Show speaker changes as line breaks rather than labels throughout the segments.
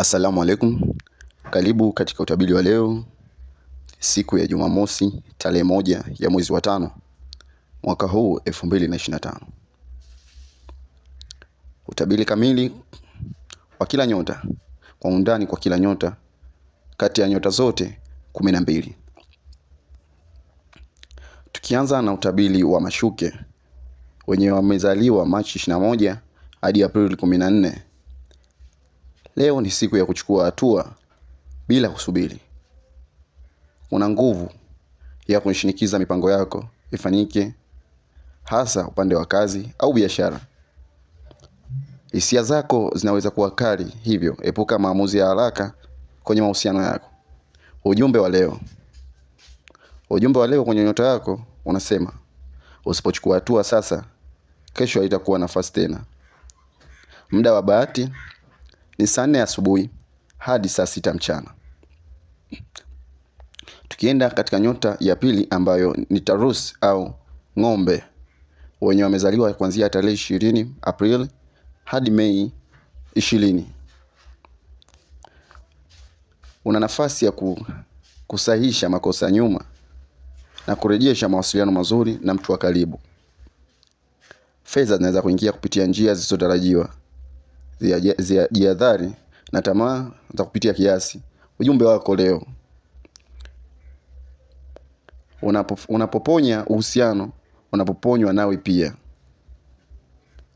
Assalamu alaikum, karibu katika utabiri wa leo, siku ya Jumamosi tarehe moja ya mwezi wa tano mwaka huu elfu mbili na ishirini na tano. Utabiri kamili wa kila nyota kwa undani kwa kila nyota kati ya nyota zote kumi na mbili. Tukianza na utabiri wa mashuke wenye wamezaliwa Machi 21 hadi Aprili nne Leo ni siku ya kuchukua hatua bila kusubiri. Una nguvu ya kunishinikiza mipango yako ifanyike, hasa upande wa kazi au biashara. Hisia zako zinaweza kuwa kali, hivyo epuka maamuzi ya haraka kwenye mahusiano yako. Ujumbe wa leo, ujumbe wa leo kwenye nyota yako unasema, usipochukua hatua sasa, kesho haitakuwa nafasi tena. Muda wa bahati ni saa nne asubuhi hadi saa sita mchana. Tukienda katika nyota ya pili ambayo ni Taurus au ng'ombe wenye wamezaliwa kuanzia tarehe ishirini Aprili hadi Mei ishirini, una nafasi ya kusahisha makosa ya nyuma na kurejesha mawasiliano mazuri na mtu wa karibu. Fedha zinaweza kuingia kupitia njia zisizotarajiwa. Jihadhari na tamaa za kupitia kiasi. Ujumbe wako leo, unapoponya uhusiano unapoponywa nawe pia.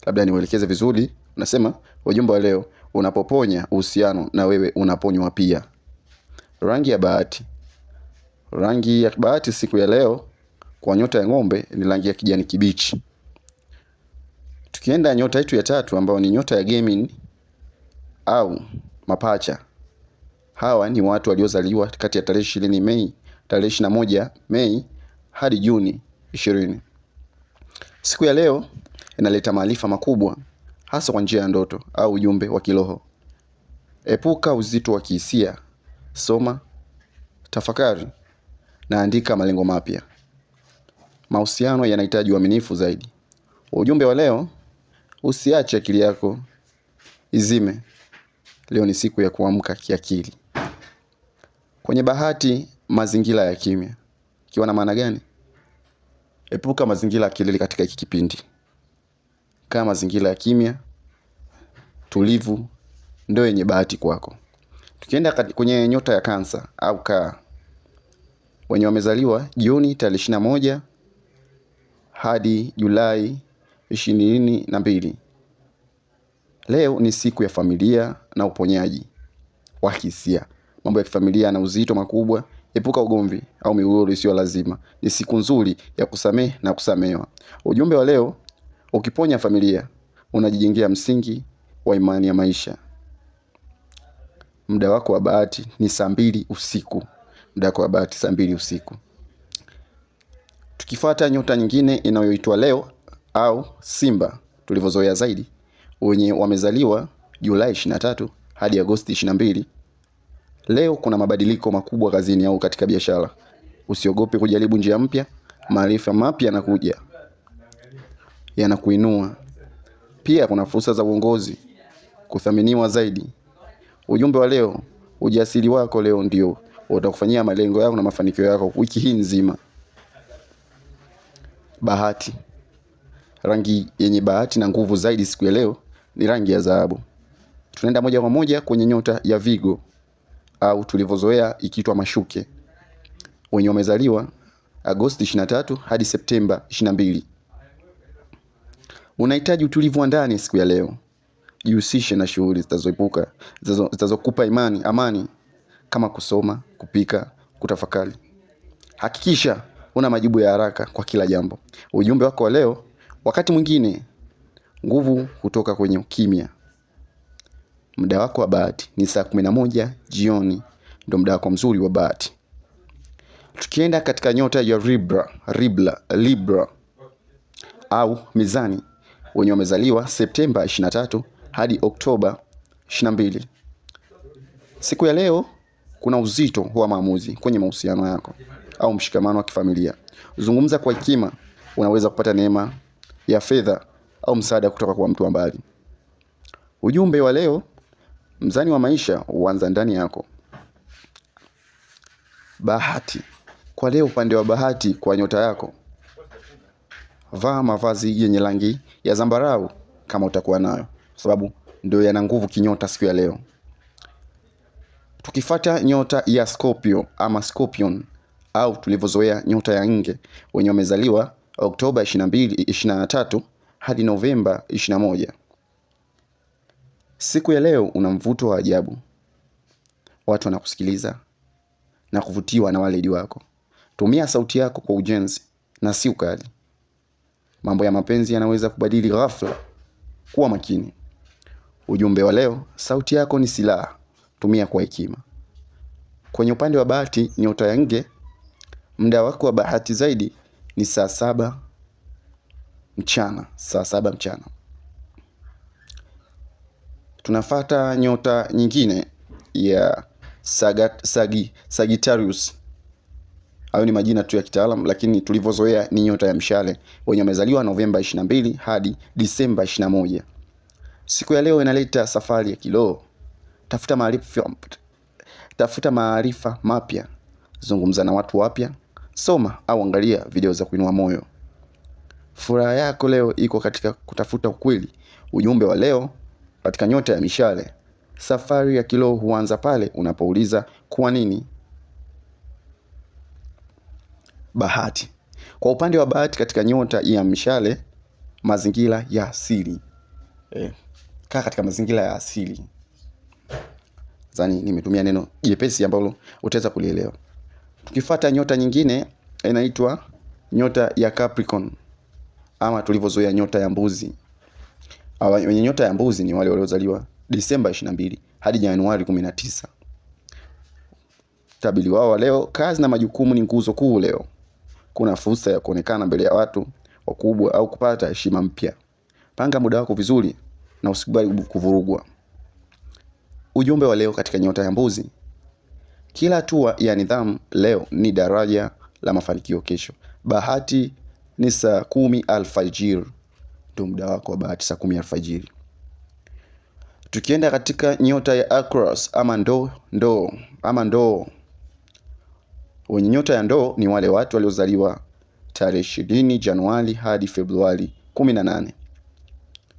Labda niwelekeze vizuri, nasema ujumbe wa leo, unapoponya uhusiano na wewe unaponywa pia. Rangi ya bahati, rangi ya bahati siku ya leo kwa nyota ya ng'ombe ni rangi ya kijani kibichi. Tukienda nyota yetu ya tatu ambayo ni nyota ya gaming au mapacha. Hawa ni watu waliozaliwa kati ya tarehe 20 Mei, tarehe moja Mei hadi Juni 20. Siku ya leo inaleta maarifa makubwa hasa kwa njia ya ndoto au ujumbe wa kiroho. Epuka uzito wa kihisia, soma, tafakari na andika malengo mapya. Mahusiano yanahitaji uaminifu zaidi. Ujumbe wa leo Usiache akili yako izime. Leo ni siku ya kuamka kiakili. Kwenye bahati, mazingira ya kimya. Kiwa na maana gani? Epuka mazingira ya kelele katika hiki kipindi. Kaa mazingira ya kimya tulivu, ndio yenye bahati kwako. Tukienda kwenye nyota ya Kansa au kaa, wenye wamezaliwa Juni tarehe ishirini moja hadi Julai ishirini na mbili. Leo ni siku ya familia na uponyaji wa hisia. Mambo ya kifamilia yana uzito makubwa. Epuka ugomvi au migogoro isiyo lazima. Ni siku nzuri ya kusamehe na kusamehewa. Ujumbe wa leo: ukiponya familia unajijengea msingi wa imani ya maisha. Muda wako wa bahati ni saa mbili usiku. Muda wako wa bahati saa mbili usiku. Tukifuata nyota nyingine inayoitwa leo au simba tulivyozoea zaidi wenye wamezaliwa Julai 23 hadi Agosti 22. Leo kuna mabadiliko makubwa kazini au katika biashara. Usiogope kujaribu njia mpya, maarifa mapya yanakuja, yanakuinua. Pia kuna fursa za uongozi, kuthaminiwa zaidi. Ujumbe wa leo, ujasiri wako leo ndio utakufanyia malengo yako na mafanikio yako wiki hii nzima. Bahati rangi yenye bahati na nguvu zaidi siku ya leo ni rangi ya dhahabu. Tunaenda moja kwa moja kwenye nyota ya Vigo au tulivyozoea ikiitwa mashuke, wenye wamezaliwa Agosti 23 hadi Septemba 22. Unahitaji utulivu wa ndani siku ya leo. Jihusishe na shughuli zitazoepuka zitazokupa imani amani kama kusoma, kupika, kutafakari. Hakikisha una majibu ya haraka kwa kila jambo. Ujumbe wako wa leo Wakati mwingine nguvu hutoka kwenye ukimya. Muda wako wa bahati ni saa kumi na moja jioni, ndo muda wako mzuri wa bahati. Tukienda katika nyota ya Libra, Libra, Libra au mizani, wenye wamezaliwa Septemba 23 hadi Oktoba 22. Siku ya leo kuna uzito wa maamuzi kwenye mahusiano yako au mshikamano wa kifamilia. Zungumza kwa hekima, unaweza kupata neema ya fedha au msaada kutoka kwa mtu wa mbali. Ujumbe wa leo, mzani wa maisha huanza ndani yako. Bahati kwa leo, upande wa bahati kwa nyota yako, vaa mavazi yenye rangi ya zambarau kama utakuwa nayo, kwa sababu ndio yana nguvu kinyota siku ya leo. Tukifata nyota ya Scorpio ama Scorpion au tulivyozoea nyota ya nge wenye wamezaliwa Oktoba 22, 23 hadi Novemba 21. Siku ya leo una mvuto wa ajabu, watu wanakusikiliza na kuvutiwa na waledi wako. Tumia sauti yako kwa ujenzi na si ukali. Mambo ya mapenzi yanaweza kubadili ghafla. Kuwa makini. Ujumbe wa leo, sauti yako ni silaha, tumia kwa hekima. Kwenye upande wa bahati, nyota ya nge, muda wako wa bahati zaidi ni saa saba mchana, saa saba mchana. Tunafata nyota nyingine ya Sagat, Sagi, Sagittarius. Hayo ni majina tu ya kitaalam, lakini tulivyozoea ni nyota ya mshale wenye wamezaliwa Novemba 22 hadi Disemba 21. Siku ya leo inaleta safari ya kiroho. Tafuta maarifa, tafuta maarifa mapya, zungumza na watu wapya, soma au angalia video za kuinua moyo. Furaha yako leo iko katika kutafuta ukweli. Ujumbe wa leo katika Nyota ya Mishale. Safari ya kiroho huanza pale unapouliza kwa nini. Bahati. Kwa upande wa bahati katika Nyota ya Mishale, mazingira ya asili. Eh, kaa katika mazingira ya asili. Zani nimetumia neno jepesi ambalo utaweza kulielewa. Tukifata nyota nyingine inaitwa nyota ya Capricorn ama tulivyozoea nyota ya mbuzi. Hawa wenye nyota ya mbuzi ni wale waliozaliwa Disemba 22 hadi Januari 19. Tabili wao wa leo, kazi na majukumu ni nguzo kuu leo. Kuna fursa ya kuonekana mbele ya watu wakubwa au kupata heshima mpya. Panga muda wako vizuri na usikubali kuvurugwa. Ujumbe wa leo katika nyota ya mbuzi kila hatua ya nidhamu leo ni daraja la mafanikio kesho. Bahati ni saa kumi alfajiri, ndio muda wako wa bahati, saa kumi alfajiri. Tukienda katika nyota ya Aquarius ama ndoo ndoo ama ndoo, wenye nyota ya ndoo ni wale watu waliozaliwa tarehe ishirini Januari hadi Februari kumi na nane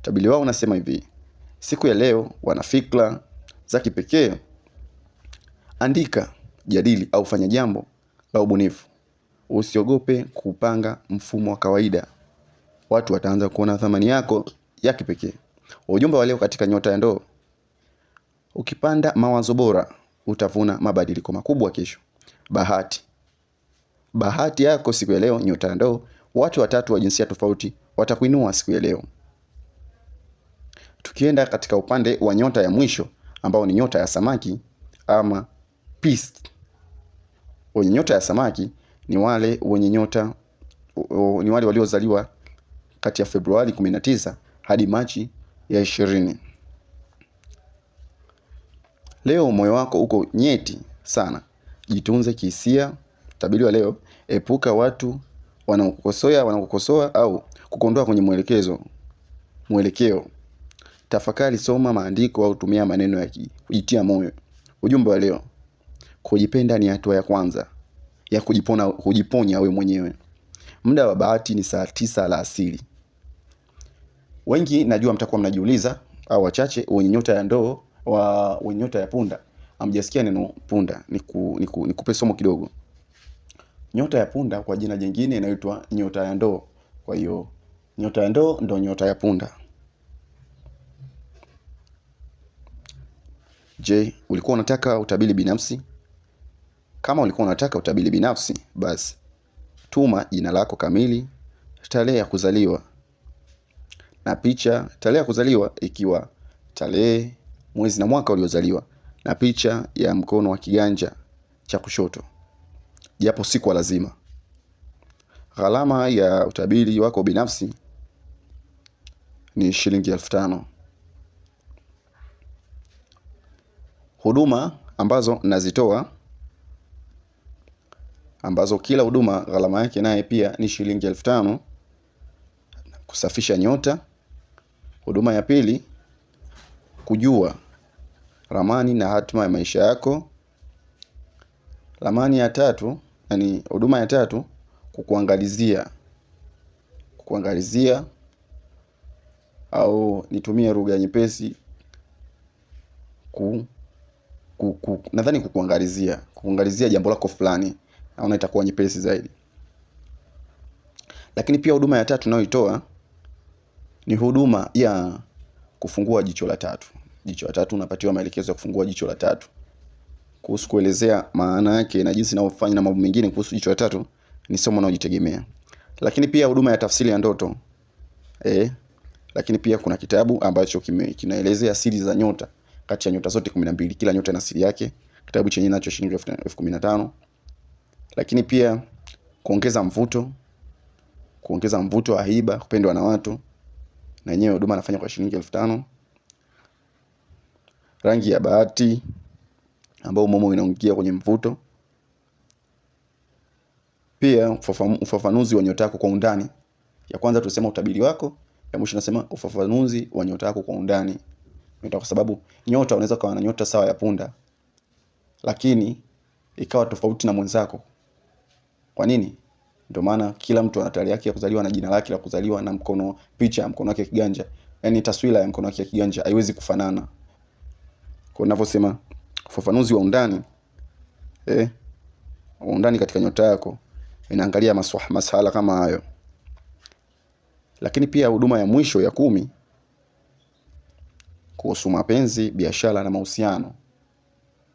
tabili wao unasema hivi: siku ya leo wana fikra za kipekee Andika, jadili au fanya jambo la ubunifu. Usiogope kupanga mfumo wa kawaida. Watu wataanza kuona thamani yako ya kipekee. Ujumbe wa leo katika Nyota ya Ndoo: ukipanda mawazo bora utavuna mabadiliko makubwa kesho. Bahati, bahati yako siku ya leo. Nyota ya Ndoo: watu watatu wa jinsia tofauti watakuinua siku ya leo. Tukienda katika upande wa nyota ya mwisho ambao ni nyota ya samaki ama peas wenye nyota ya samaki ni wale wenye nyota ni wale waliozaliwa kati ya Februari 19 hadi Machi ya ishirini. Leo moyo wako uko nyeti sana, jitunze kihisia. Tabiri wa leo: epuka watu wanaokukosoa wanaokukosoa au kukondoa kwenye mwelekezo mwelekeo. Tafakari, soma maandiko au tumia maneno ya kujitia moyo. Ujumbe wa leo: Kujipenda ni hatua ya kwanza ya kujipona, kujiponya wewe mwenyewe. Muda wa bahati ni saa tisa alasiri. Wengi najua mtakuwa mnajiuliza au wachache wenye nyota ya ndoo wa wenye nyota ya punda hamjasikia neno punda. Niku, niku, nikupe somo kidogo. Nyota ya punda kwa jina jingine inaitwa nyota ya ndoo. Kwa hiyo nyota ya ndoo ndo nyota ya punda.
Je, ulikuwa unataka utabiri binafsi? Kama ulikuwa unataka utabiri binafsi, basi tuma jina lako kamili, tarehe ya kuzaliwa na picha, tarehe ya kuzaliwa ikiwa tarehe, mwezi na mwaka uliozaliwa, na picha ya mkono wa kiganja cha kushoto, japo si kwa lazima. Gharama ya utabiri wako binafsi ni shilingi elfu tano. Huduma ambazo nazitoa ambazo kila huduma gharama yake naye pia ni shilingi elfu tano kusafisha nyota. Huduma ya pili kujua ramani na hatima ya maisha yako. Ramani ya tatu, yani huduma ya tatu kukuangalizia, kukuangalizia au nitumie lugha nyepesi ku, ku, ku, nadhani kukuangalizia, kukuangalizia jambo lako fulani naona itakuwa nyepesi zaidi. Lakini pia huduma ya tatu tunayoitoa ni huduma ya kufungua jicho la tatu. Jicho la tatu unapatiwa maelekezo ya kufungua jicho la tatu kuhusu kuelezea maana yake na jinsi inavyofanya na mambo mengine kuhusu jicho la tatu, ni somo unaojitegemea Lakini pia huduma ya tafsiri ya ndoto eh, lakini pia kuna kitabu ambacho kinaelezea siri za nyota kati ya nyota zote 12, kila nyota ina siri yake, kitabu chenye nacho shilingi elfu kumi na tano lakini pia kuongeza mvuto, kuongeza mvuto wa hiba kupendwa na watu, na yenyewe huduma anafanya kwa shilingi elfu tano. Rangi ya bahati ambayo momo inaongia kwenye mvuto, pia ufafanuzi wa nyota yako kwa undani. Ya kwanza tusema utabiri wako, ya mwisho nasema ufafanuzi wa nyota yako kwa undani. Nyota kwa sababu nyota unaweza kuwa na nyota sawa ya punda, lakini ikawa tofauti na mwenzako. Kwa nini? Ndio maana kila mtu ana tarehe yake ya kuzaliwa na jina lake la kuzaliwa na mkono, picha ya mkono wake ya kiganja, yani taswira ya mkono wake ya kiganja haiwezi kufanana. Kwa ninavyosema ufafanuzi wa undani eh, undani katika nyota yako inaangalia maswah, masala kama hayo. Lakini pia huduma ya mwisho ya kumi kuhusu mapenzi, biashara na mahusiano.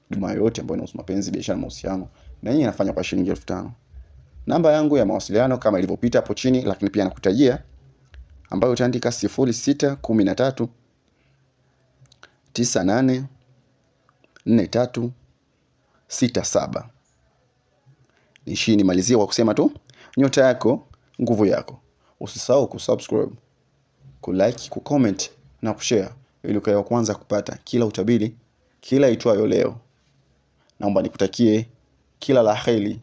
Huduma yoyote ambayo inahusu mapenzi, biashara na mahusiano na yeye inafanywa kwa shilingi elfu tano namba yangu ya mawasiliano kama ilivyopita hapo chini, lakini pia nakutajia ambayo utaandika sifuri sita kumi na tatu tatu sita saba. Nishi nimalizie kwa kusema tu nyota yako nguvu yako. Usisahau kusubscribe, kulike, kucomment na kushare ili ukawa kwanza kupata kila utabiri kila itwayo leo. Naomba nikutakie kila la heri.